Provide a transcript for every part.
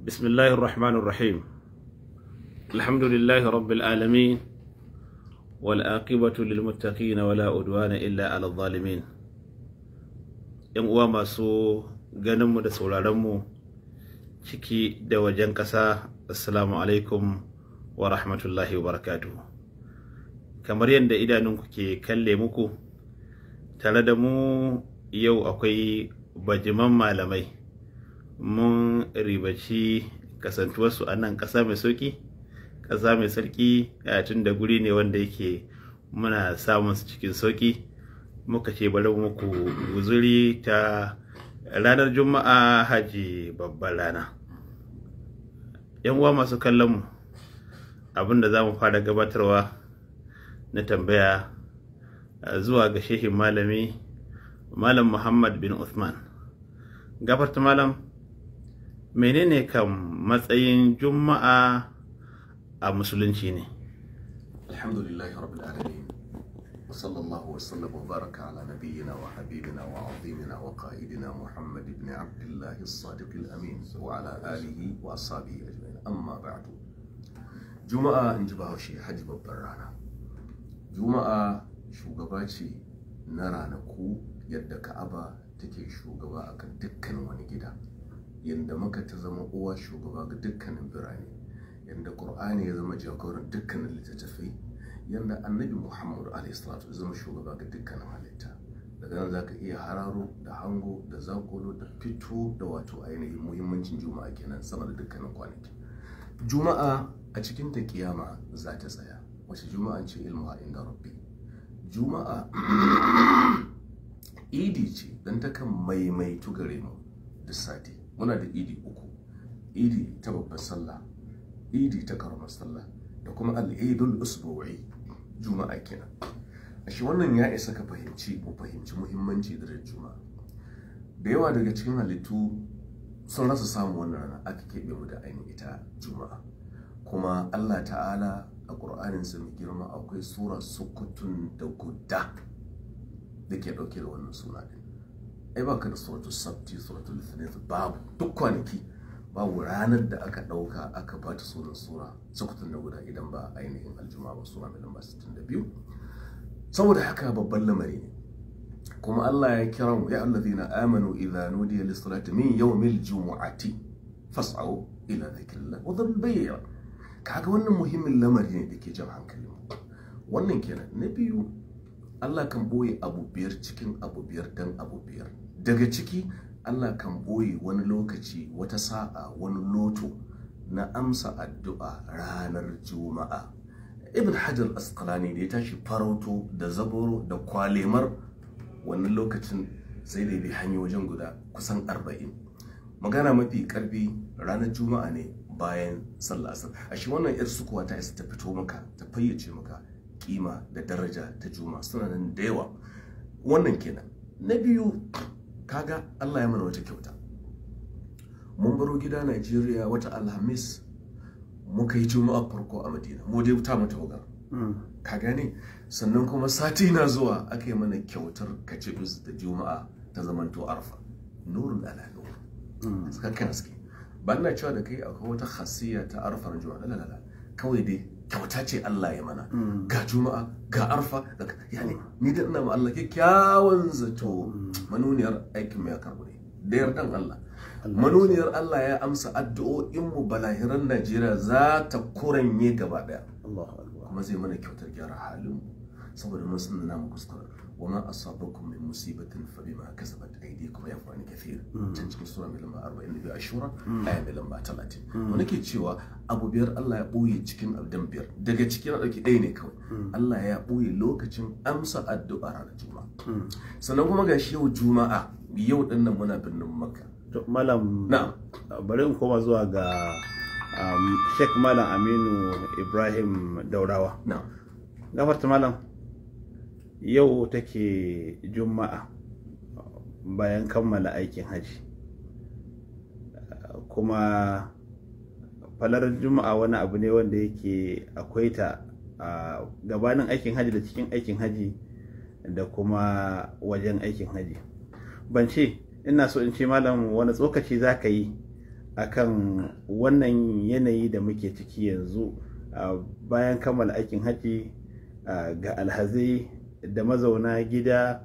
بسم الله الرحمن الرحيم الحمد لله رب العالمين والآقبة للمتقين ولا أدوان إلا على الظالمين ‘yan uwa masu ganinmu da sauraronmu ciki da wajen ƙasa assalamu alaikum wa rahmatullahi wa barakatuh kamar yadda idanunku ke kalle muku tare da mu yau akwai bajiman malamai mun ribaci kasantuwarsu a nan ƙasa mai sauƙi ƙasa mai sarki tun da guri ne wanda yake muna samun su cikin sauƙi muka ce bari muku guzuri ta ranar juma'a haji babban rana yan uwa masu kallon mu abin za mu fara gabatarwa na tambaya zuwa ga shehin malami malam muhammad bin usman gafarta malam menene kan matsayin juma'a a musulunci ne alhamdulillahi rabbil alamin wa sallallahu wa sallam wa baraka ala nabiyyina wa habibina wa azimina wa qa'idina muhammad ibn abdullah as-sadiq al-amin wa ala alihi wa ashabihi ajma'in amma ba'du juma'a in ji bahaushe haji babbar rana juma'a shugaba ce na ranaku yadda ka'aba take shugaba akan dukkan wani gida yadda maka ta zama uwa shugaba ga dukkanin birane yadda ƙur'ani ya zama jagoran dukkanin littattafai yadda annabi muhammad alaihissalatu ya zama shugaba ga dukkanin halitta daga nan za ka iya hararo da hango da zakolo da fito da wato ainihin muhimmancin juma'a kenan sama da dukkanin kwanaki juma'a a cikin ta kiyama za ta tsaya wace juma'a ce ilmuha inda rabbi juma'a idi ce don takan maimaitu gare mu duk sati muna da idi uku idi ta babbar sallah idi ta karamar sallah da kuma al'idul usbu'i juma'a kenan shi wannan ya isa ka fahimci mu fahimci muhimmanci da juma'a da yawa daga cikin halittu sun rasa samun wannan rana aka keɓe mu da ainihin ita juma'a kuma Allah ta'ala a ƙur'anin sun girma akwai sura sukutun da guda da ke ɗauke da wannan suna ɗin ai baka da sautu sabti suratul babu duk kwanaki babu ranar da aka dauka aka bata sunan sura sukutun na guda idan ba ainihin aljuma ba sura mai lamba 62 saboda haka babban lamari ne kuma Allah ya kira mu ya allazina amanu idza nudiya lis-salati min yawmil jumu'ati fas'au ila dhikrillah wa dhul bay'a kaga wannan muhimmin lamari ne ke jan hankalin wannan kenan na biyu Allah kan boye abu biyar cikin abu biyar dan abu biyar daga ciki Allah kan boye wani lokaci wata sa'a wani loto na amsa addu'a ranar juma'a ibn hajar asqalani da ya tashi farauto da zaboro da kwalemar wani lokacin sai da bi hanyoyin guda kusan arba'in magana mafi karfi ranar juma'a ne bayan sallah asar a shi wannan yar sukuwa ta isa ta fito maka ta fayyace maka kima da daraja ta juma suna nan da yawa wannan kenan na biyu kaga Allah ya mana wata kyauta mun baro gida Najeriya wata Alhamis muka yi juma'a farko a Madina mu dai ta mata waga hmm. ka gane sannan kuma sati na zuwa aka yi mana kyautar kacibus da juma'a ta zamanto arfa nurun ala nur hmm. suka kana suke ba ina cewa da kai akwai wata khasiyya ta arfar juma'a la la kawai dai kyauta ce Allah ya mana mm. ga juma'a ga arfa yani mm. ni da ina ma Allah kyakkyawan zato mm. manuniyar aikin mai karbu da yardan Allah manuniyar Allah ya amsa addu'o'in mu balahiran Najeriya za ta kuranye gaba daya kuma zai mana kyautar gyara halin mu saboda mun san na mu kuskure وما أصابكم من مصيبة فبما كسبت أيديكم يا عن كثير تنشكي سورة من لما أربعين بيو أشورة آية من لما تلاتين ونكي تشيوا أبو بير الله يبوي تشكين أبدن بير دقا تشكين أدوكي أيني كوي الله يبوي لوكا تشين أمسا الدعاء على جمعة سنوكما غاشي يو جمعة يو دن منا بن مكة مالام نعم bari كوما زوا غا ga um, Sheikh Malam Aminu Ibrahim Daurawa na'am gafarta malam yau take juma'a bayan kammala aikin hajji kuma falar juma'a wani abu ne wanda yake akwai ta gabanin aikin hajji da cikin aikin hajji da kuma wajen aikin hajji ban ce ina so in ce malam wani tsokaci za ka yi akan wannan yanayi da muke ciki yanzu bayan kammala aikin hajji ga alhazai da mazauna gida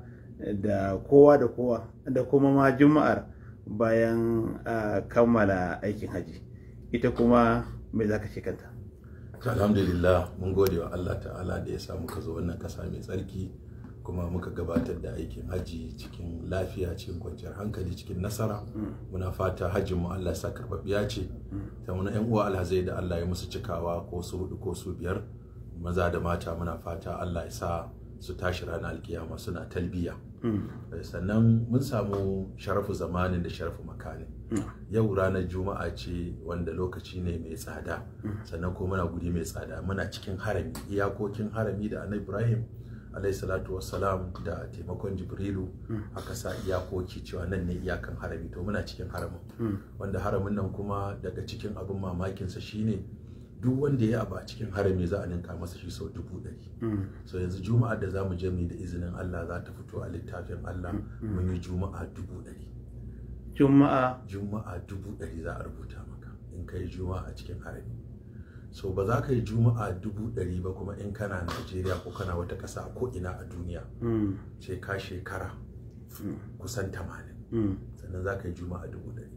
da kowa da kowa da kuma ma juma'ar bayan kammala aikin haji ita kuma mai za ka ce kanta alhamdulillah mun gode wa allah ta'ala da ya sa muka zo wannan kasa mai tsarki kuma muka gabatar da aikin haji cikin lafiya cikin kwanciyar hankali cikin nasara muna fata hajjin mu allah sa karɓaɓɓiya ce ta wani yan uwa alhazai da allah ya musu cikawa ko su hudu ko su biyar maza da mata muna fata allah ya sa su tashi ranar alkiyama suna talbiya mm. eh, sannan mun samu sharafu zamanin da sharafu makanin mm. yau ranar juma'a ce wanda lokaci ne mai tsada mm. sannan ko muna guri mai tsada muna cikin harami iyakokin harami da annabi ibrahim alayhi salatu wassalam da taimakon jibrilu aka sa iyakoki cewa nan ne iyakan harami to muna cikin haramin wanda haramin nan kuma daga cikin abin mamakinsa shine duk wanda ya aba cikin harami za a ninka masa shi sau dubu ɗari mm. so yanzu juma'ar da za mu je mu da izinin Allah za ta fito a littafin Allah mm, mm. mun yi juma'a dubu ɗari juma'a juma'a dubu ɗari za a rubuta maka in ka yi juma'a a cikin harami so ba za ka yi juma'a dubu ɗari ba kuma in kana Najeriya ko kana wata ƙasa ko ina a duniya ce ka shekara kusan tamanin sannan za ka yi juma'a dubu ɗari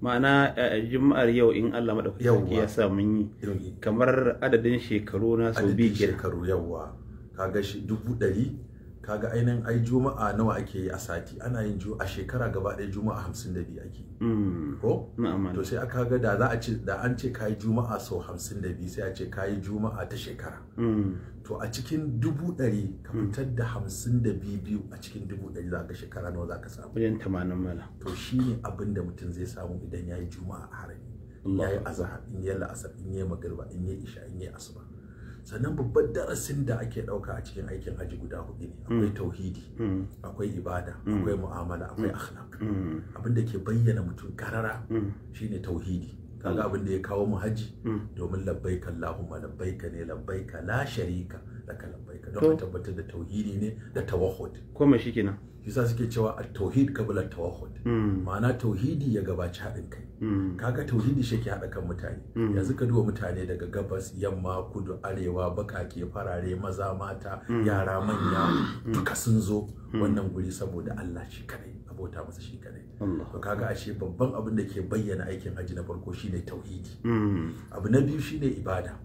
ma'ana eh, juma'ar yau in Allah madaukaki ya sa mun yi kamar adadin shekaru na sau bi shekaru yawwa kaga shi dubu ɗari kaga ainihin ai juma'a nawa ake yi a sati ana yin a shekara gaba ɗaya juma'a hamsin da biyu ake mm. ko to sai aka ga da za a ce da an ce kayi juma'a sau hamsin da biyu sai a ce kayi juma'a ta shekara mm. to a cikin dubu ɗari ka mm. fitar da hamsin da biyu biyu a cikin dubu ɗari za ka shekara nawa za ka samu wajen tamanin mala to shi ne abin da mutum zai samu idan ya yi juma'a a harami ya yi azahar in yi la'asar in yi magarba in yi isha in yi asuba sannan babban darasin da ake ɗauka a cikin aikin aji guda hudu ne hmm. akwai tauhidi hmm. akwai ibada hmm. akwai mu'amala akwai akhlaq abin da ke bayyana mutum karara shine tauhidi kaga abin da ya kawo mu haji domin labbaika Allahumma labbaika ne labbaika la sharika laka labbaika don tabbatar da tauhidi ne da tawahhud ko shi shikenan yasa suke cewa at-tauhid qabla at-tawahhud ma'ana tauhidi ya gabaci haɗin kai Mm. kaga tauhidi shi ke haɗa kan mutane mm. yanzu ka duba mutane daga gabas yamma kudu arewa bakake farare maza mata mm. yara manya duka sun zo wannan guri saboda Allah shi kadai abota masa shi kadai to kaga ashe babban abin da ke bayyana aikin haji na farko shine tauhidi abu na biyu shine ibada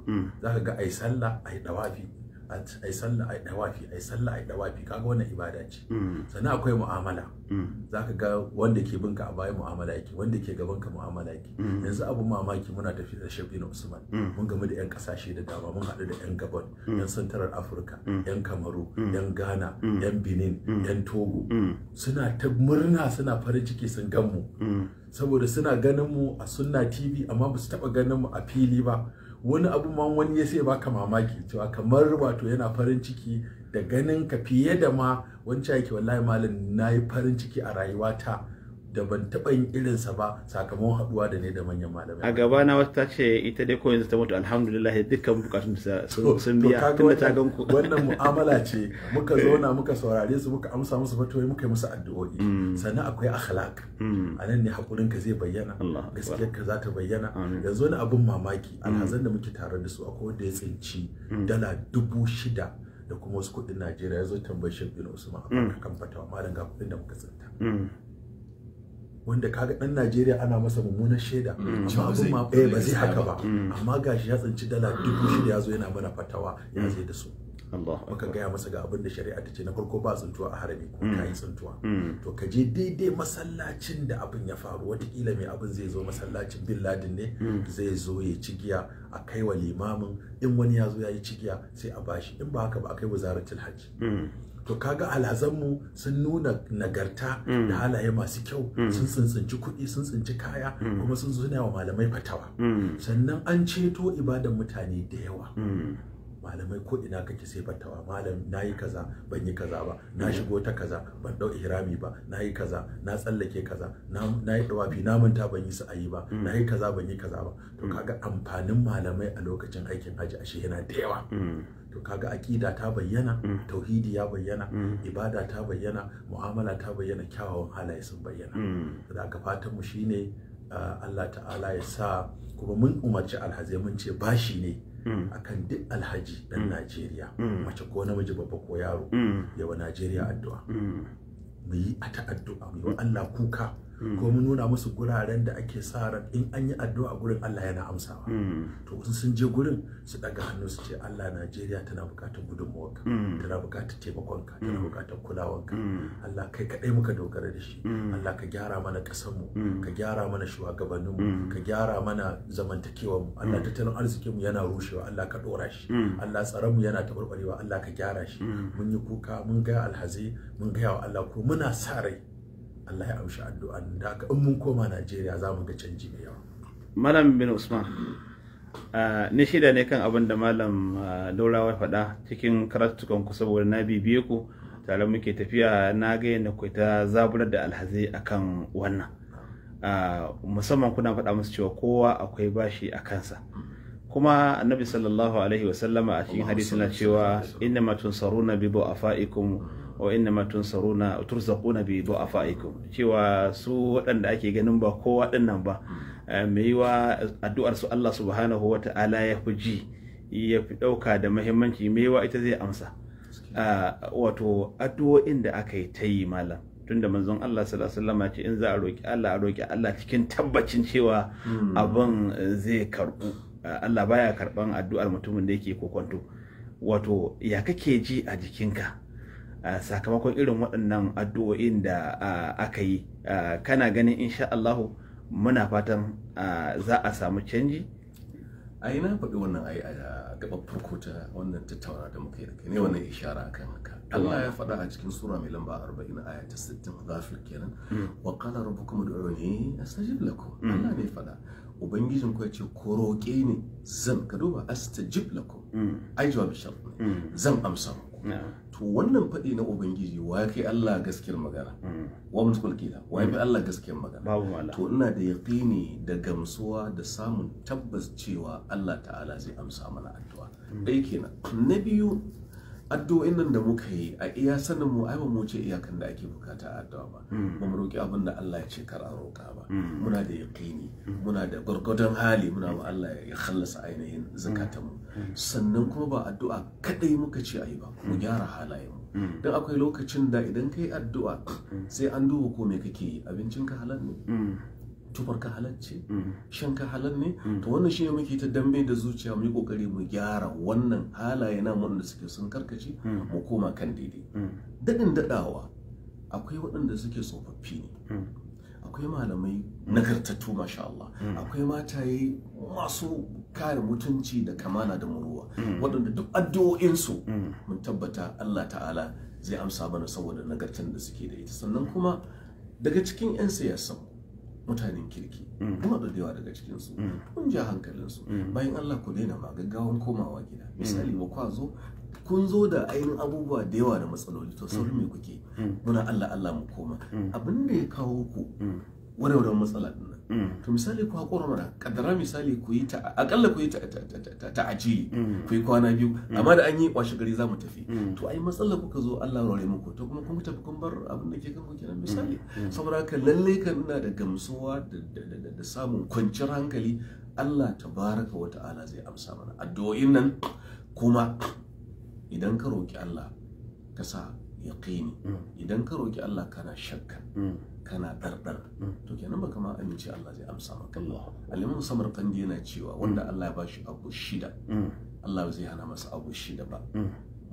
zaka ga ai sallah ai dawafi a yi sallah a yi dawafi a yi sallah a yi dawafi kaga wannan ibada ce mm. sannan akwai mu'amala mm. zaka ga wanda ke binka a baya mu'amala yake wanda ke gaban ka mu'amala yake mm. yanzu abin mamaki muna tafi da shafi na usman mun gamu da yan kasashe da dama mun haɗu da yan gabon yan santarar afirka yan kamaru yan ghana yan benin yan togo suna ta murna suna farin ciki sun gan mu saboda suna ganin mu a sunna tv amma ba su taɓa ganin mu a fili ba wani abu ma wani ya sai baka mamaki cewa kamar wato yana farin ciki da ganin ka fiye da ma wancan yake wallahi malam na yi farin ciki a rayuwata da ban taɓa yin irinsa ba sakamakon haɗuwa da ne da manyan malamai. A gaba na wasu ta ce ita dai koyin ta mutu alhamdulillah dukkan bukatun da sun biya tun da ta gan ku. Wannan mu'amala ce muka eh. zauna muka saurare su muka amsa musu fatuwai muka yi musu addu'o'i. Mm. Sannan akwai akhlaq. Mm. A nan ne hakurin ka zai bayyana. Gaskiyar ka za ta bayyana. Yanzu wani abin mamaki mm. alhazan da muke tare da su akwai wanda ya tsinci dala dubu shida da kuma wasu kuɗin Najeriya ya zo tambayar shirin Usman a kan fatawa malam ga kuɗin da muka tsinta. wanda kaga dan Najeriya ana masa mummunan shaida mm. amma abun ma ba zai haka ba mm. amma gashi ya tsinci dala dubu shida ya zo yana mana fatawa ya mm. zai da su maka gaya masa ga abin da shari'a ta ce na farko ba tsuntuwa a harami ko ka yi tsuntuwa to ka je daidai masallacin da abin ya faru watakila mai abin zai zo masallacin bin ladin ne zai zo ya cigiya a kai wa limamin in wani ya zo ya yi cigiya sai a bashi in ba haka ba a kai wazaratul hajji to kaga alhazanmu sun nuna nagarta mm. da halaye masu kyau mm. sun tsintsinci kuɗi sun tsinci kaya mm. kuma sun zuna wa malamai fatawa sannan an ceto ibadan mutane da yawa malamai ko ina kake sai fatawa malam nayi kaza ban yi kaza ba na shigo ta kaza ban dau ihrami ba nayi kaza na tsallake kaza na yi dawafi na manta ban yi sa'ayi ba nayi kaza ban yi kaza ba to kaga amfanin malamai a lokacin aikin haji ashe yana da yawa to kaga aƙida ta bayyana mm. tauhidi ya bayyana mm. ibada ta bayyana mu'amala ta bayyana kyawawan halaye sun bayyana mm. da aka fatan mu shine ah, Allah ta'ala ya sa kuma mun umarci alhaji mun ce bashi ne akan duk alhaji dan Najeriya mace ko namiji babba ko yaro yawa Najeriya addu'a mu yi ta addu'a mu yi wa Allah kuka Mm. ko mun nuna musu guraren da ake sa ran in an yi addu'a gurin Allah yana amsawa mm. to sun je gurin su daga hannu su ce Allah Najeriya tana bukatar gudunmuwarka mm. tana bukatar taimakonka tana bukatar kulawanka Allah kai kadai muka dogara da shi Allah ka gyara mana kasar mu ka gyara mana shugabannin mu ka gyara mana zamantakewar mu Allah tattalin arzikin mu yana rushewa Allah ka dora shi Allah tsaron mu yana tabarbarewa Allah ka gyara shi mun yi kuka mun ga alhazi mun ga Allah ko muna sa rai Allah ya aushi addu'an da haka in mun koma Najeriya za mu ga canji mai yawa Malam bin Usman ni shida ne kan abin da Malam Laurawa faɗa cikin karatukan ku saboda na bibiye ku tare muke tafiya na ga yadda ku ta zaburar da alhazi akan wannan musamman kuna faɗa musu cewa kowa akwai bashi a kansa kuma annabi sallallahu alaihi wasallama a cikin hadisi na cewa inna matun saruna bi bu'afaikum wa inna ma tunsaruna turzaquna bi du'afaikum cewa su waɗanda ake ganin ba kowa dinnan ba eh, mai yiwa addu'ar su Allah subhanahu wa ta'ala ya fi ji ya fi ɗauka da muhimmanci mai yiwa ita zai amsa ah, wato addu'o'in da aka yi ta yi malam tunda manzon Allah sallallahu alaihi ce in za a roki Allah a roki Allah cikin tabbacin cewa hmm. abin zai karbu ah, Allah baya karban addu'ar mutumin da yake kokonto wato ya kake ji a jikinka sakamakon irin waɗannan addu'o'in da aka yi kana ganin insha Allah muna fatan za a samu canji a yi na faɗi wannan ayi a gaban farko ta wannan tattauna da muka yi da ne wannan ishara kan haka Allah ya faɗa a cikin sura mai lamba 40 aya ta 60 zafir kenan mm. wa qala rabbukum ud'uni astajib lakum mm. Allah ne faɗa ubangijin ku ya ce ko roƙe ni zan ka duba astajib lakum mm. ai jawab shart zan amsa mu to wannan faɗi na ubangiji wa kai Allah gaskiyar magana hmm. wa musul kida wa bi Allah gaskiyar magana Babu to ina da yaqini da gamsuwa da samun tabbas cewa Allah ta'ala zai amsa mana addu'a dai hmm. kenan na biyu addu'o'in nan da muka yi a iya sanin mu ai ba mu ce iyakan da ake bukata a addu'a ba hmm. mu mu roki abin da Allah ya ce kar a roka ba hmm. muna da yaqini hmm. muna da gurgurdan hali muna ma Allah ya khallasa ainihin zakatun mu sannan kuma ba addu'a kadai muka ce ayi ba mu gyara halayen mu dan akwai lokacin da idan kai addu'a sai an duba ko me kake yi abincin ka halal ne ka halarci? Mm. Shan ka halal ne mm. to wannan shine muke ta dambe da zuciya mu yi kokari mu gyara wannan halaye na mun da suke sun karkace mm. mu koma kan daidai dadin dadawa akwai waɗanda suke tsofaffi ne akwai malamai nagartattu masha Allah akwai mataye masu kare mutunci da kamana da muruwa waɗanda duk addu'o'insu mun tabbata Allah ta'ala zai amsa mana saboda nagartan da suke da ita sannan kuma daga cikin 'yan siyasa mutanen kirki mm. kuma da yawa daga cikinsu mm. kun ja hankalinsu mm. bayan Allah ku daina ma gaggawan komawa gida misali ba kwa zo kun zo da ainihin abubuwa da yawa da matsaloli to sauri me kuke muna Allah Allah mu koma abin da ya kawo ku warewar matsala din mm. to misali ku haƙura mana kaddara misali ku yi ta akalla ku yi ta ta mm. ku yi kwana biyu mm. amma da an yi washe gari za mu tafi to ai matsala kuka zo Allah rore muku to kuma kun tafi kun bar abin da ke kan ku kenan misali saboda haka lalle kan ina da gamsuwa da samun kwanciyar hankali Allah tabaraka wa ta'ala zai amsa mana addu'o'in nan kuma idan ka roki Allah ka sa yaqini idan ka roki Allah kana shakka kana ɗarɗar to kenan baka ma amince Allah zai amsa maka alimin samar kandi yana cewa wanda Allah ya bashi abu shida Allah zai hana masa abu shida ba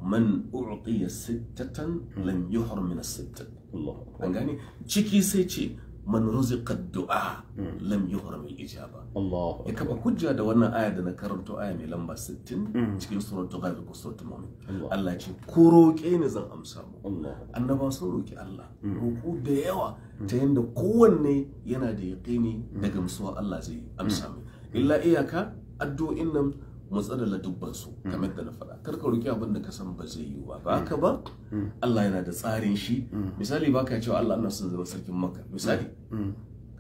man u'tiya sittatan lam yuhar min as an ciki sai ce man ruziqa du'a lam yuhram al-ijaba Allah ya kafa hujja da wannan aya da na karanto aya mai lamba 60 mm. cikin suratul ghafir ko suratul mu'min Allah ce ko roƙe ni zan amsa mu annaba sun roƙi Allah mm. roƙo da yawa mm. ta yanda kowanne yana da yaƙini da gamsuwa Allah zai amsa mu illa iyaka addu'in nan matsala dubban su hmm. kamar da na faɗa kar ka roki abin da ka san ba zai yi ba ba hmm. haka ba hmm. Allah yana da tsarin shi misali baka cewa Allah ina son zama sarkin Makka misali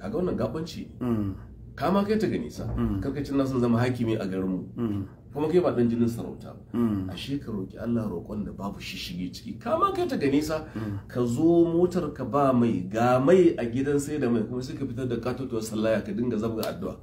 kaga wannan gabanci ka ma kai ta gani sa kar ka ce na son zama hakimi a garin mu kuma kai ba dan jinin sarauta ba ashe ka roki Allah roƙon da babu shige ciki ka ma kai ta gani sa ka zo motar ka ba mai ga mai a gidan sai da mai kuma sai ka fitar da katotuwar sallaya ka dinga zabga addu'a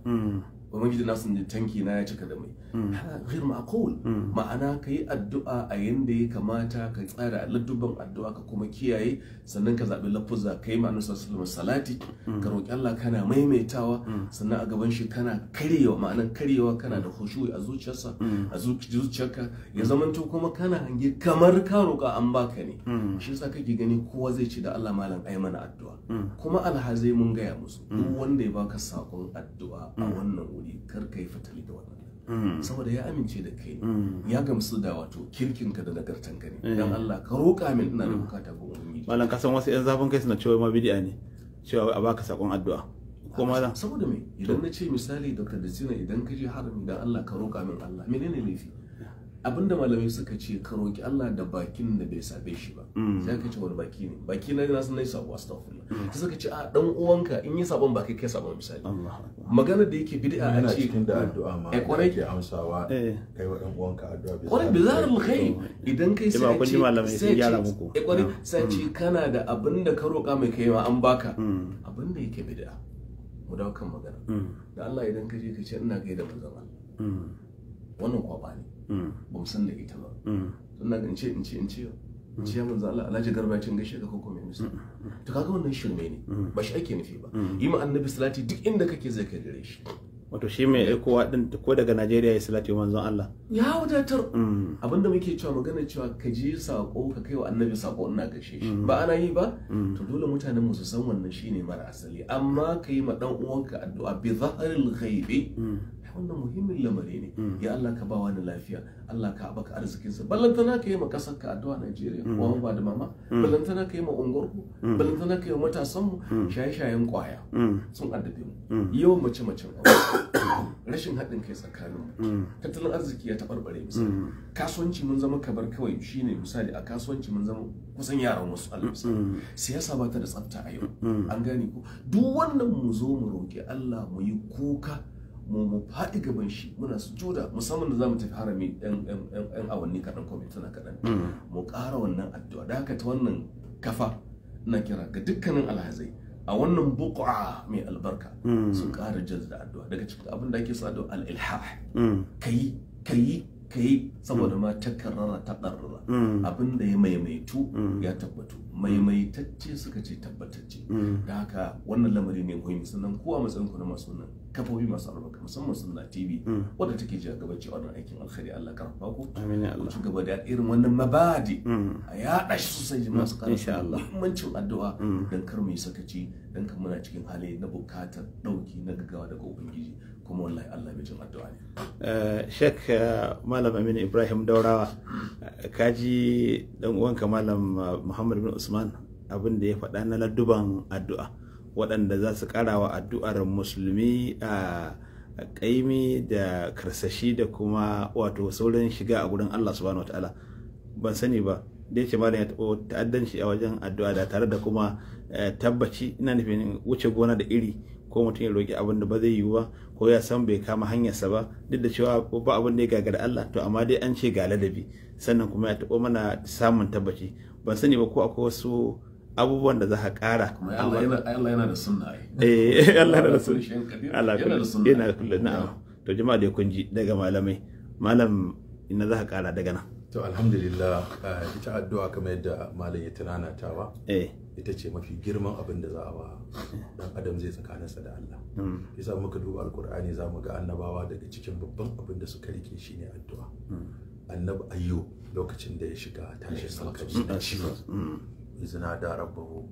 wa man sun tanki na ya cika da mai mm. ghair ma'qul mm. ma'ana kai addu'a a yanda ya kamata ka tsara ladduban addu'a ka kuma kiyaye sannan ka zabi lafuzza kai ma annabi sallallahu salati mm. ka roki Allah kana maimaitawa sannan a gaban shi kana karyewa ma'anan karyewa kana da khushu'i a zuciyarsa a zuciyarka ya zamanto kuma kana hange kamar ka roka an baka ne shi yasa kake gani kowa zai ci da Allah malam ai mana addu'a kuma alhazai mun gaya musu duk wanda ya baka sakon addu'a a wannan wuri ne karka yi fatali da waɗannan mm. saboda ya amince da kai mm. ya gamsu da wato kirkinka da ka ne eh. dan Allah ka roƙa min ina da mm. bukata ga ubangiji malam kasan wasu yan zafin kai suna cewa ma bid'a ne cewa a baka sakon addu'a ko ah, malam saboda me idan na ce misali Dr. Dzina idan ka je harami dan Allah ka roƙa min Allah menene laifi abinda malamai suka ce ka roƙi Allah da bakin da bai sabe shi ba mm. sai ka ce wani baki ne baki na na san nayi sabo astaghfirullah mm. sai suka ce a dan uwanka in yi sabon ba kai kai sabon misali magana da yake bid'a a ce cikin da addu'a ma eh kwarai ke amsawa eh. kai wa dan uwanka addu'a bai kwarai bizarul khair idan kai sai ce malamai sai gyara muku eh kwarai mm. sai ce kana da da ka roƙa mai kai ma an baka da yake bid'a mu dawo kan magana da Allah idan ka je ka ce ina gaida manzon Allah wannan kwaba ne Mm. ba mu san da ita ba Ina mm. na in ce in ce in ce ce ya mm. manzo Allah alhaji garba gaishe ka koko mai musu to kaga wannan shirme ne ba shi ake nufi ba yi ma annabi salati duk inda kake zai kai gare shi wato shi mai aikowa din ko daga Najeriya ya salati manzon Allah ya wadatar abinda muke cewa magana cewa ka je sako ka kai wa annabi sako ina gaishe shi ba ana yi ba to dole mutanen mu su san wannan shine mara asali amma kai ma dan uwanka addu'a bi zahril ghaibi wannan muhimmin lamari ne mm. ya Allah ka ba wani lafiya Allah ka arzikin arzikinsa ballantana ka yi ma kasar ka addu'a Najeriya mm. wa ba da mama mm. ballantana ka yi ma ku ballantana ka yi ma mu? shaye-shayen ƙwaya sun addabe mu yawan mace-macen rashin haɗin kai tsakanin mu tattalin arziki ya taɓarɓare misali kasuwanci mun zama kabar kawai shine misali a kasuwanci mun zama kusan yaran wasu alhamsa siyasa ba ta da tsafta a yau an gane ko duk wannan mu zo mu roƙi Allah mu yi kuka mu faɗi gaban shi muna sujuda musamman da zamu tafi harami yan awanni kaɗan ko mintuna kaɗan mm. mu ƙara wannan addu'a da haka ta wannan kafa na kira ga dukkanin alhazai a wannan buƙa mai albarka mm. sun ƙara jazza addu'a daga cikin abin da ake sa da al ka kayi kayi kayi saboda mm. ma ta takarrara abin da ya maimaitu ya tabbatu maimaitacce suka ce tabbatacce da haka wannan lamari ne muhimmi sannan kowa matsayin ku na masu nan kafofi masu albarka musamman suna tv hmm. wadda take ji a cewa wannan aikin alkhairi allah karfafa ku ku ci gaba da irin wannan mabadi hmm. a yaɗa shi sosai ji masu allah muhimmancin addu'a hmm. dan kar mu yi sakaci dan kar muna cikin hali na bukatar ɗauki na gaggawa daga ubangiji kuma wallahi allah bai jin addu'a ne. Eh, shek eh, malam aminu ibrahim daurawa eh, kaji dan uwanka malam muhammad bin usman abin da ya faɗa na ladduban addu'a. waɗanda za su wa addu'ar musulmi a ƙaimi da karsashi da kuma wato sauran shiga a gurin Allah subhanahu wataala ban sani ba da yake malam ya taɓa ta'addanci a wajen addu'a da tare da kuma eh, tabbaci ina nufin wuce gona da iri ko mutum ya roƙi abin da ba zai yiwu ba ko ya san bai kama hanyarsa ba duk da cewa ba abin da ya gagara Allah to amma dai an ce ga ladabi sannan kuma ya taɓo mana samun tabbaci ban sani ba ko akwai wasu abubuwan da za a ƙara Allah yana da sunna eh Allah yana da sunna Allah yana da sunna yana da na na'am to jama'a dai kun ji daga malamai malam ina za a ƙara daga nan to alhamdulillah ita addu'a kamar yadda malam ya ba. eh ita ce mafi girman abin da za a ba dan adam zai tsakaninsa da Allah hmm. Isa muka duba alkur'ani za mu ga annabawa daga cikin babban abin da suka rike ne addu'a hmm. annabi ayyo lokacin da ya shiga tashin hankali da ciwo hmm. izina da rabbahu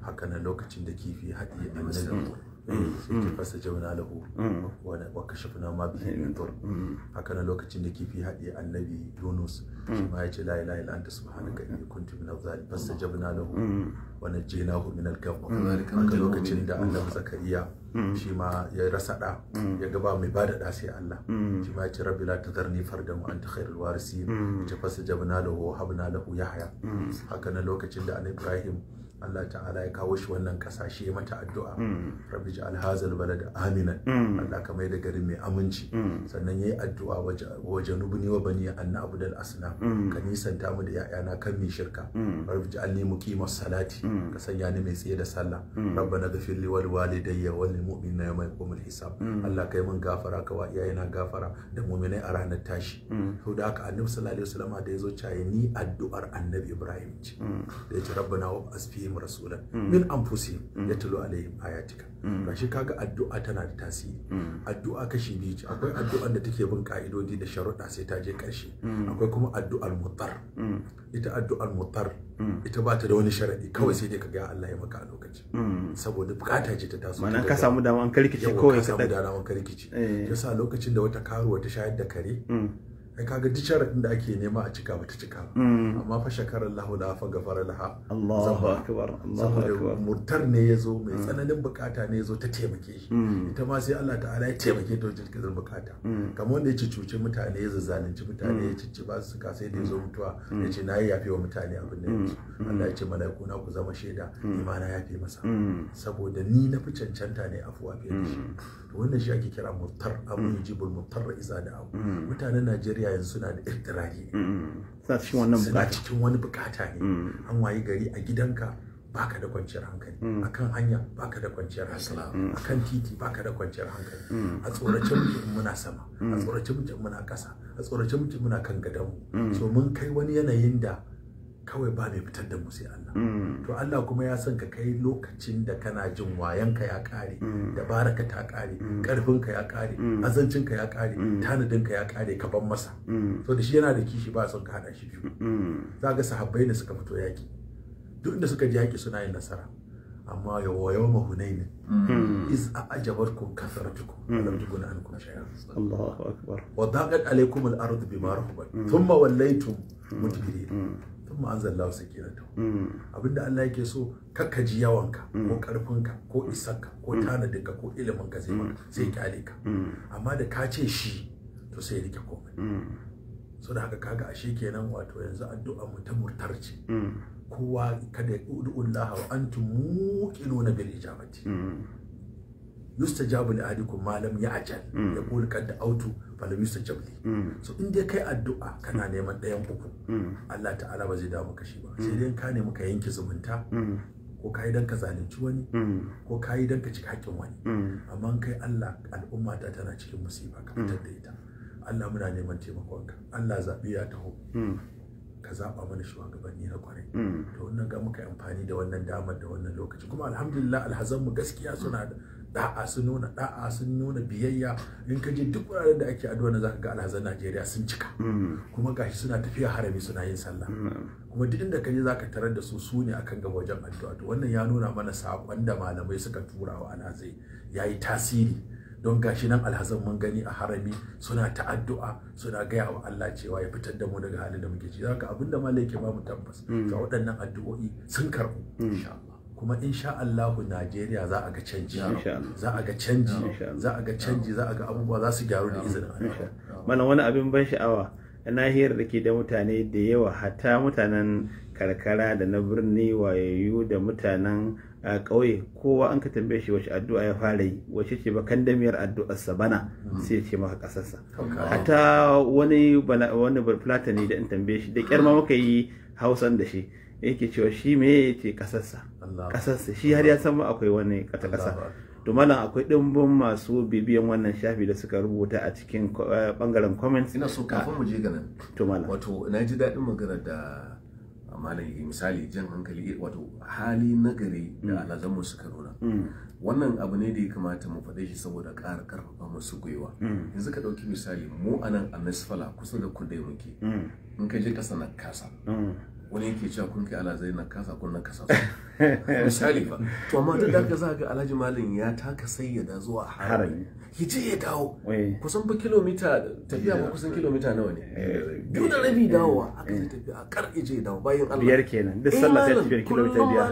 haka na lokacin da kifi haɗi annabi Eh, mm, sai ta mm. fasa jauna lahu mm. wa kashafna ma bihi min dur haka na lokacin da kifi haɗe annabi Yunus shi ma ya ce la ilaha illa anta subhanaka inni kuntu min adh-dhalimin fasa jauna lahu wa najjaynahu min al-gham haka lokacin da annabi Zakariya shi ma ya rasa da ya gaba mai bada da sai Allah shi ma ya ce rabbi la tadharni fardan wa anta khairul warisin ya ce fasa jauna lahu wa habna lahu yahya haka na lokacin da annabi Ibrahim Allah ta'ala ya kawo shi wannan kasashe mata addu'a mm. rabbi ja'al Bala balad Amina. Mm. Allah ka mai da garin mai aminci mm. sannan yayi addu'a waje janubni wa bani an na'budal asna ka nisanta mu da ya'yana kan mi shirka rabbi alni muqimas salati ka sanya ni mai tsaye da sallah rabbana ghfir li wal walidayya wal mu'minina yawma yaqumul hisab Allah kai mun gafara ka wa iyayena gafara da mu'minai a ranar tashi to da haka annabi sallallahu alaihi wasallam da yazo caye ni addu'ar annabi Ibrahim ce da ya ce rabbana wa asfi yatihim rasulan mm. min anfusihim mm. yatlu alaihim ayatika mm. shi kaga addu'a tana da tasiri addu'a kashi biyu ce akwai addu'ar da take bin ka'idodi da sharuɗa sai ta je ƙarshe akwai kuma addu'ar mutar ita addu'ar mutar ita ba ta da wani sharaɗi kawai sai dai ka ga Allah ya maka a lokaci saboda bukata ce ta taso ka samu dama an karkice kawai ka samu dama an karkice eh. yasa lokacin da wata karuwa ta shayar da kare ai kaga duk sharadin da ake nema a cika bata cika ba mm. amma fa shakarar lahu fa gafara laha Allahu akbar Allahu akbar murtar ne yazo mai mm. tsananin bukata ne yazo ta taimake shi mm. ita ma sai Allah ta'ala ya taimake ta wajen kizar bukata kamar wanda ya cuce mutane ya zazzalunci mutane ya cicci ba su ka sai da yazo mutuwa ya ce nayi yafe wa mutane abin da yake Allah ya ce mala'iku na ku zama shaida imana yafe masa saboda ni na fi cancanta ne afuwa fiye da shi to wannan shi ake kira murtar abu yujibul mutar iza da abu mutanen Najeriya najeriya yanzu suna da irtirari ne suna cikin wani bukata ne mm. an wayi gari a gidanka baka da kwanciyar hankali mm. akan hanya baka da kwanciyar hankali mm. akan titi baka da kwanciyar hankali a tsorace mutum muna sama a tsorace mutum muna kasa a tsorace mutum muna kan gadonmu so mun kai wani yanayin da kawai ba mai fitar da mu sai Allah mm. to Allah kuma ya san ka kai lokacin da kana jin wayanka ya kare mm. baraka ta kare karfin mm. ka ya kare azancin ka ya kare tanadin ka ya kare ka ban masa to da shi yana da kishi ba son ka hada shi biyu za ga sahabbai ne suka fito yaki duk inda suka ji yaki suna yin nasara amma wayo ma hunaini is a ajabarkum kasaratukum alam tukun ankum shay'a Allahu akbar wa daqat alaykum al-ardu bima rahabat thumma wallaytum mudbirin tun ma anzallahu Abin hmm. abinda Allah yake so kakka ji yawanka ko karfinka hmm. ko hmm. ka, ko tanadinka ko ilimin ka sai kyale ka amma da ka ce shi to sai rike komai so da haka kaga ashe kenan wato yanzu addu'a mu ta murtarci kowa kada ya ud'ullaha wa antum na bil ijabati yustajabu li ahadikum ma lam ya yaqul qad autu balamistu jabli mm. so in dai kai addu'a kana neman ɗayan uku mm. Allah ta'ala ba zai dawo maka shi ba mm. sai dai ka nemi ka yanke zumunta ko kai dan ka zalunci wani ko kai dan ka cika hakkin wani amma kai Allah al'umma ta tana cikin musiba ka fitar da ita Allah muna neman taimakon ka Allah zaɓi ya taho ka zaba mana shugabanni na kwarai to wannan ga muka amfani da wannan damar da wannan lokaci kuma alhamdulillah alhazan mu gaskiya suna da da'a sun nuna da'a sun nuna biyayya in ka je duk wuraren da ake addu'a na zaka ga alhazan Najeriya sun cika mm. kuma gashi suna tafiya harami suna yin sallah mm. kuma duk inda ka je zaka tarar da su su ne akan gaba wajen addu'a to wannan ya nuna mana sakon da malamai suka tura wa alhazai yayi tasiri don gashi nan alhazan mun gani a harami suna ta addu'a suna gaya wa Allah cewa ya fitar da mu daga halin da muke ciki zaka abinda malai ke ba mu tabbas mm. ga waɗannan addu'o'i sun karbu insha Allah kuma insha Allahu Najeriya za a ga canji za a ga canji za a ga canji za a ga abubuwa za su gyaru da izinin mana wani abin ban sha'awa nahiyar da ke da mutane da yawa hata mutanen karkara da na birni wayayyu da mutanen ƙauye kowa an ka tambaye shi wace addu'a ya fara yi wace ce ba kandamiyar addu'arsa bana mm. sai ce maka kasarsa hata wani wani da in tambaye shi da kyar ma muka yi hausan da shi yake cewa shi me yace kasarsa kasarsa shi har ya san ma akwai wani kata kasa to malam akwai dimbin masu bibiyan wannan shafi da suka rubuta a cikin bangaren eh, comments ina so kafin mu je ganin to malam wato na ji daɗin magana da malam misali jan hankali eh, wato hali na gari da mm. alazanmu suka nuna mm. wannan abu ne da ya kamata mu faɗe shi saboda ƙara ƙarfafa musu gwiwa mm. yanzu ka ɗauki misali mu anan a misfala kusa da kudai muke in ka je ƙasa na kasa wani yake cewa kun kai zai na kasa kun na kasa misali ba to amma duk da ka za alhaji malin ya taka sayyada zuwa harami ya je ya dawo eh. kusan ba kilomita tafiya ba kusan kilomita nawa ne eh. biyu da rabi eh. dawowa aka yi tafiya a kar je ya dawo bayan Allah biyar kenan duk sallah sai biyar kilomita biyar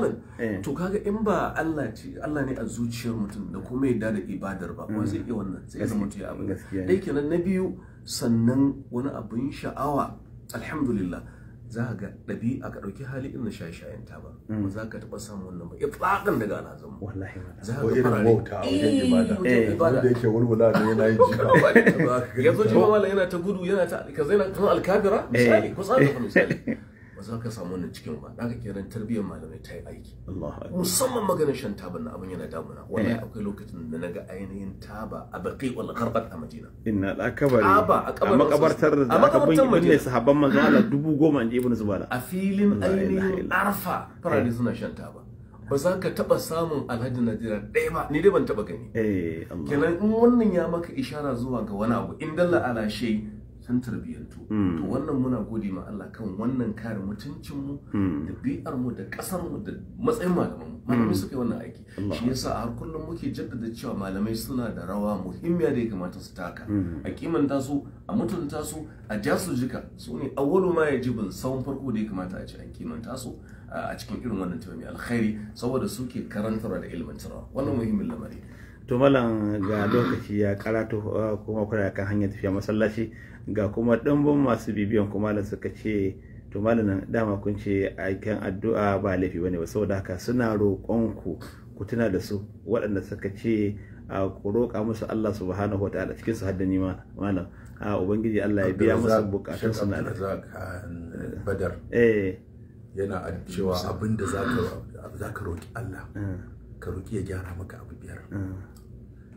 to kaga in ba Allah ce Allah ne a zuciyar mutum da kuma yadda da ibadar ba ba zai iya wannan sai ya zama ya abin dai kenan na biyu sannan wani abin sha'awa alhamdulillah za ka ga ɗabi a ka ɗauki hali irin shaye-shayen ta ba mm. ba za ka taɓa samun wannan ba ya itlaƙan daga alazan mu wallahi za ka ga wauta a wajen eh, ibada eh da yake walwala ne yana yi jima yanzu jima mallan yana ta gudu yana ta kaza yana kan alkabira eh. misali ku tsara misali za ka samu wannan cikin ba za ka kenan tarbiyyar malamai ta yi aiki musamman maganin shan taba na abin yana damuna Wani eh. akwai lokacin da na ga ainihin taba a baki wani karbar a madina ina da kabari a makabartar da aka ne sahabban manzo Allah dubu goma in ibnu zubala a filin ainihin arfa farare eh. suna shan taba ba za ka taba samun alhaji najeriya ɗaya ba ni dai ban taba gani eh, kenan in wannan ya maka ishara zuwa ga wani abu in dalla alashe. sun tarbiyyantu hmm. to wannan muna gode ma Allah kan wannan kare mutuncin mu hmm. da bi'ar mu da kasar mu da matsayin malaman mu malamai hmm. suka yi wannan aiki shi yasa har kullum muke jaddada cewa malamai suna da rawa muhimmiya da ya kamata su taka a kimanta su a mutunta su a ja su jika su ne awwalu ma yajibin sawun farko da ya kamata a ce an kimanta su a cikin irin wannan tafiya alkhairi saboda suke karantarwa da ilmantarwa wannan muhimmin lamari to malam ga lokaci ya karato ah, kuma kuna kan hanyar tafiya masallaci ga kuma ɗanbin masu bibiyan kuma da suka ce to malam dama kun ce aikin addu'a ba laifi bane ba saboda haka suna roƙonku ku tuna da su waɗanda suka ce a ah, ku roƙa musu Allah subhanahu wataala cikin su haddani ma malam a ah, ubangiji Allah ya biya musu bukatun su na badar eh yana cewa abinda zaka zaka roƙi Allah eh. ka roƙi ya gyara maka abu biyar eh.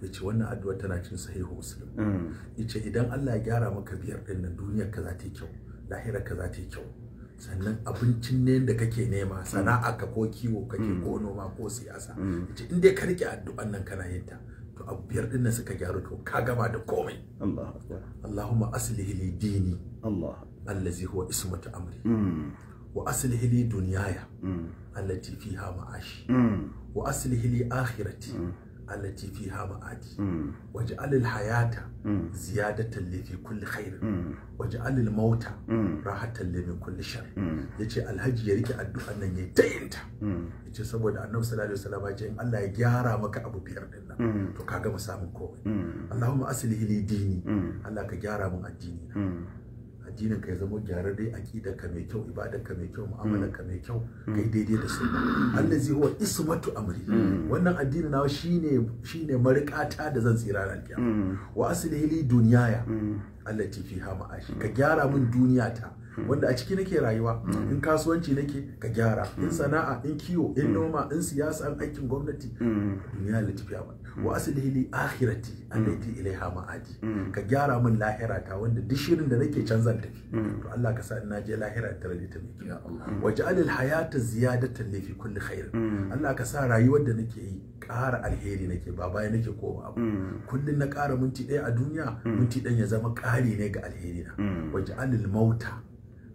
yace wannan addu'a tana cin sahihu muslim mm. ce idan Allah ya gyara maka biyar din nan duniyar ka za ta yi kyau lahira ka za ta yi kyau sannan abincin ne da kake nema mm. sana'a ka ko kiwo kake mm. ko noma ko siyasa yace in dai ka rike addu'an nan kana yin ta to abu biyar din nan suka gyaru to ka gama da komai Allahumma aslihi li dini Allah allazi huwa ismatu amri wa aslihi li dunyaya allati fiha ma'ashi wa aslihi li akhirati allati ha ma'adi mm. waje alil hayata mm. ziyadatan talle fi kulli khair mm. waje-alil mauta rahatan li kulli shar yace alhaji ya rike addu'an nan yayi tayinta yace saboda annabi sallallahu alaihi wasallam yace in Allah ya gyara maka abu biyar din nan to ka gama samun komai Allahumma aslih li dini Allah ka gyara mun addini na addinin ka ya zama gyara dai aqida ka mai kyau ibada ka mai kyau mu'amala ka mai kyau mm. kai daidai da sunna mm. allazi huwa ismatu amri mm. wannan addinin nawa shine shine marikata da zan tsira ran kiyama wa aslihi li dunyaya allati fiha ma'ashi ka gyara min duniyata wanda a ciki nake rayuwa in kasuwanci nake ka gyara in sana'a in kiwo in noma in siyasa in aikin gwamnati duniya allati fiha wa aslihi li akhirati allati mm. ilaiha ma'adi mm. ka gyara min lahirata wanda duk shirin da nake canzan tafi mm. to Allah ka sa ina je lahira ta rabi ta miki wa ja'al al hayata ziyadatan li fi kulli khair Allah ka sa rayuwar da nake yi ƙara alheri nake ba bayan nake koma ba. kullun na ƙara minti ɗaya a duniya minti ɗan ya zama ƙari ne ga alheri na wa ja'al al mauta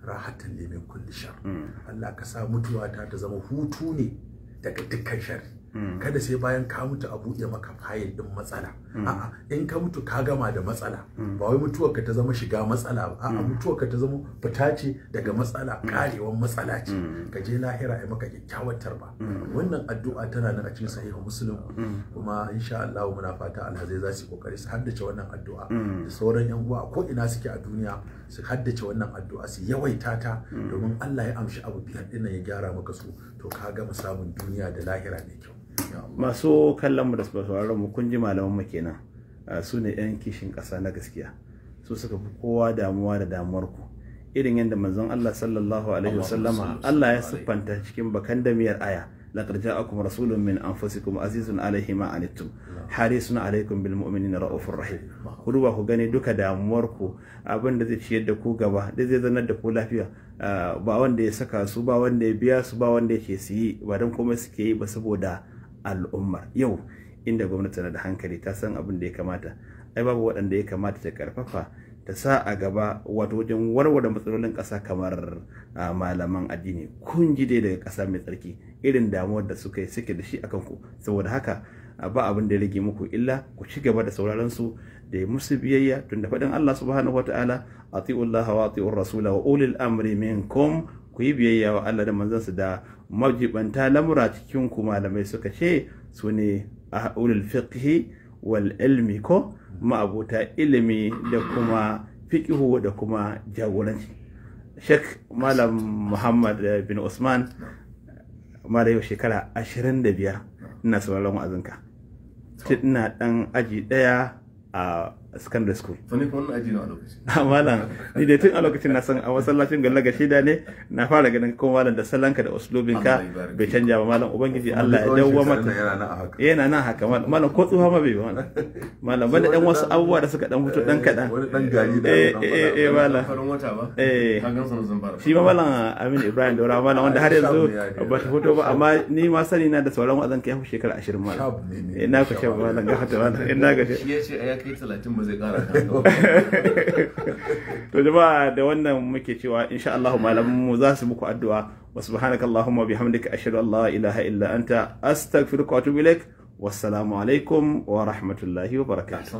rahatan li min kulli shar Allah ka sa mutuwa ta ta zama hutu ne daga dukkan shari Mm. kada sai bayan ka mutu a buɗe maka fayil din matsala mm. a'a in ka mutu ka gama da matsala mm. ba wai mutuwar ka ta zama shiga matsala ba a'a mutuwar ka ta zama fita ce daga matsala karewan matsala ce ka je lahira ai maka kyakkyawar tarba wannan addu'a tana nan a cikin sahihu muslim kuma insha Allah muna fata alhazai za zasu kokari su haddace wannan addu'a da sauran yan uwa ko ina suke a duniya su haddace wannan addu'a su yawaita ta domin Allah ya amshi abu biyar dinnan ya gyara maka su to ka gama samun duniya da lahira mai kyau masu kallon mu da sauraron mu kun ji malaman mu kenan ah, su ne yan kishin ƙasa na gaskiya su suka fi kowa damuwa da damuwar ku irin yadda manzon Allah sallallahu alaihi wasallama Allah ya siffanta cikin bakan da miyar aya ja'akum rasulun min anfusikum kuma عزيز ma anittum harisun حريص bil mu'minina ra'ufur rahim ku duba ku gani duka damuwar ku abin da zai ciyar da ku gaba da zai zanar da ku lafiya ah, ba wanda ya saka su ba wanda ya biya su ba wanda yake su yi ba dan komai suke yi ba saboda Al'umma yau inda gwamnati na da hankali ta san abin da ya kamata ai babu waɗanda ya kamata ta karfafa ta sa a gaba wato wajen warware matsalolin ƙasa kamar ah, malaman addini kun ji dai daga ƙasa mai tsarki irin damuwar da suka yi suke da shi a kanku saboda haka ba abin da ya rage muku illa ku ci gaba da sauraron su da ya musu biyayya tun da faɗin Allah subhanahu wataala ati'ullaha wa ati'ur rasula wa ulil amri minkum ku yi biyayya wa Allah da manzansa da majibanta lamura cikin ku malamai suka ce su ne a ahlul fiqhi wal ilmi ko ma'abota ilimi da kuma fiqhu da kuma jagoranci Sheikh Malam Muhammad eh, bin Usman mara yau shekara 25 ina sauraron wa'azinka ina dan aji ɗaya a a secondary school fani kuma wannan aji na Amma ah, malam ni da tun a lokacin na san a masallacin galla ga shida ne na fara ganin kuma malam da salanka da uslubinka bai canja ba malam ubangiji Allah ya dawwa mata. yana nan haka malam ko tsuha ma bai malam malam bada dan wasu abubuwa da suka dan fito dan eh, kadan wani dan gari da eh eh, eh malam farin wata ba eh kan gansa zan fara shi ma malam Aminu Ibrahim Daura malam wanda har yanzu ba ta fito ba amma ni ma sani na da sauran wazan kai shekara 20 malam ina eh, ku ce malam ga hata malam ina ga shi Shi ya ce a ya kai 30 mu zai kara to jama'a da wannan muke cewa insha Allah malaman mu za su muku addu'a wa subhanaka allahumma bihamdika ashhadu an la ilaha illa anta astaghfiruka wa atubu ilaik wassalamu alaikum wa rahmatullahi wa barakatuh